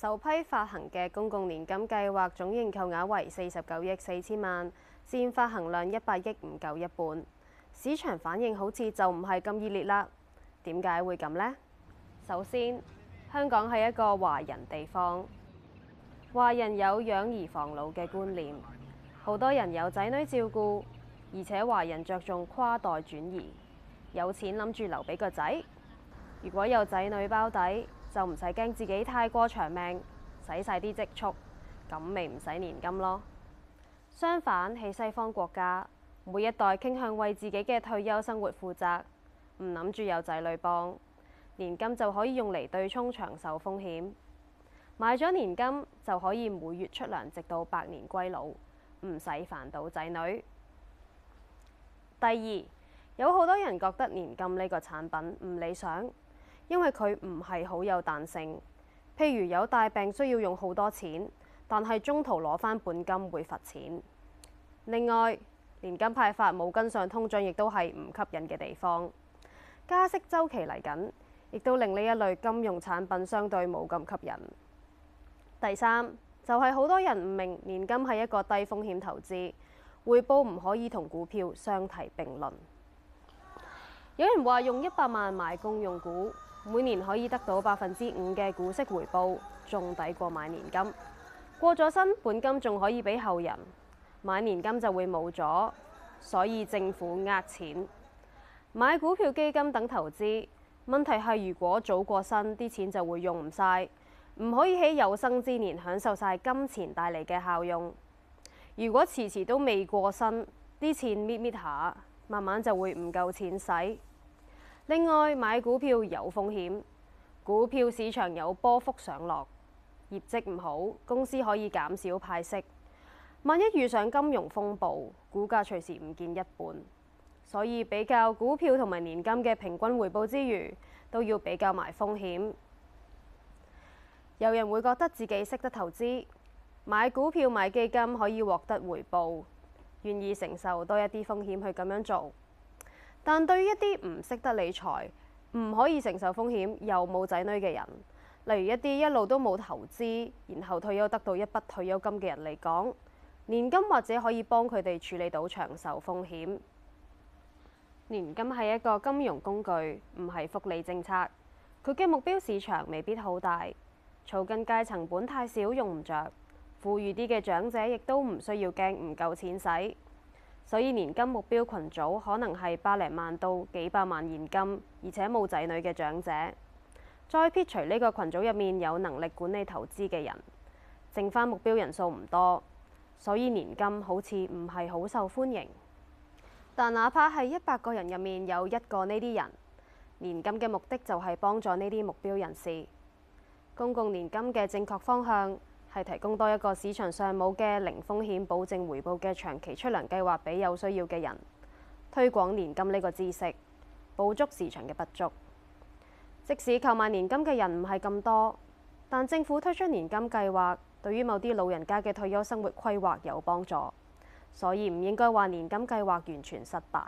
受批發行嘅公共年金計劃總認購額為四十九億四千萬，佔發行量一百億唔夠一半，市場反應好似就唔係咁熱烈啦。點解會咁呢？首先，香港係一個華人地方，華人有養兒防老嘅觀念，好多人有仔女照顧，而且華人着重跨代轉移，有錢諗住留俾個仔。如果有仔女包底，就唔使驚自己太過長命，使晒啲積蓄，咁咪唔使年金咯。相反喺西方國家，每一代傾向為自己嘅退休生活負責，唔諗住有仔女幫，年金就可以用嚟對沖長壽風險。買咗年金就可以每月出糧，直到百年歸老，唔使煩到仔女。第二，有好多人覺得年金呢個產品唔理想。因為佢唔係好有彈性，譬如有大病需要用好多錢，但係中途攞返本金會罰錢。另外，年金派發冇跟上通脹，亦都係唔吸引嘅地方。加息周期嚟緊，亦都令呢一類金融產品相對冇咁吸引。第三就係好多人唔明年金係一個低風險投資，回報唔可以同股票相提並論。有人話用一百萬買公用股。每年可以得到百分之五嘅股息回報，仲抵過買年金，過咗身，本金仲可以俾後人，買年金就會冇咗，所以政府呃錢。買股票基金等投資。問題係如果早過身，啲錢就會用唔晒，唔可以喺有生之年享受晒金錢帶嚟嘅效用。如果遲遲都未過身，啲錢搣搣下，慢慢就會唔夠錢使。另外，買股票有風險，股票市場有波幅上落，業績唔好，公司可以減少派息。萬一遇上金融風暴，股價隨時唔見一半。所以比較股票同埋年金嘅平均回報之餘，都要比較埋風險。有人會覺得自己識得投資，買股票、買基金可以獲得回報，願意承受多一啲風險去咁樣做。但對於一啲唔識得理財、唔可以承受風險又冇仔女嘅人，例如一啲一路都冇投資，然後退休得到一筆退休金嘅人嚟講，年金或者可以幫佢哋處理到長壽風險。年金係一個金融工具，唔係福利政策。佢嘅目標市場未必好大，草根階層本太少用唔着，富裕啲嘅長者亦都唔需要驚唔夠錢使。所以年金目標群組可能係百零萬到幾百萬現金，而且冇仔女嘅長者，再撇除呢個群組入面有能力管理投資嘅人，剩翻目標人數唔多，所以年金好似唔係好受歡迎。但哪怕係一百個人入面有一個呢啲人，年金嘅目的就係幫助呢啲目標人士。公共年金嘅正確方向，係提供多一個市場上冇嘅零風險保證回報嘅長期出糧計劃，俾有需要嘅人，推廣年金呢個知識，補足市場嘅不足。即使購買年金嘅人唔係咁多，但政府推出年金計劃，對於某啲老人家嘅退休生活規劃有幫助，所以唔應該話年金計劃完全失敗。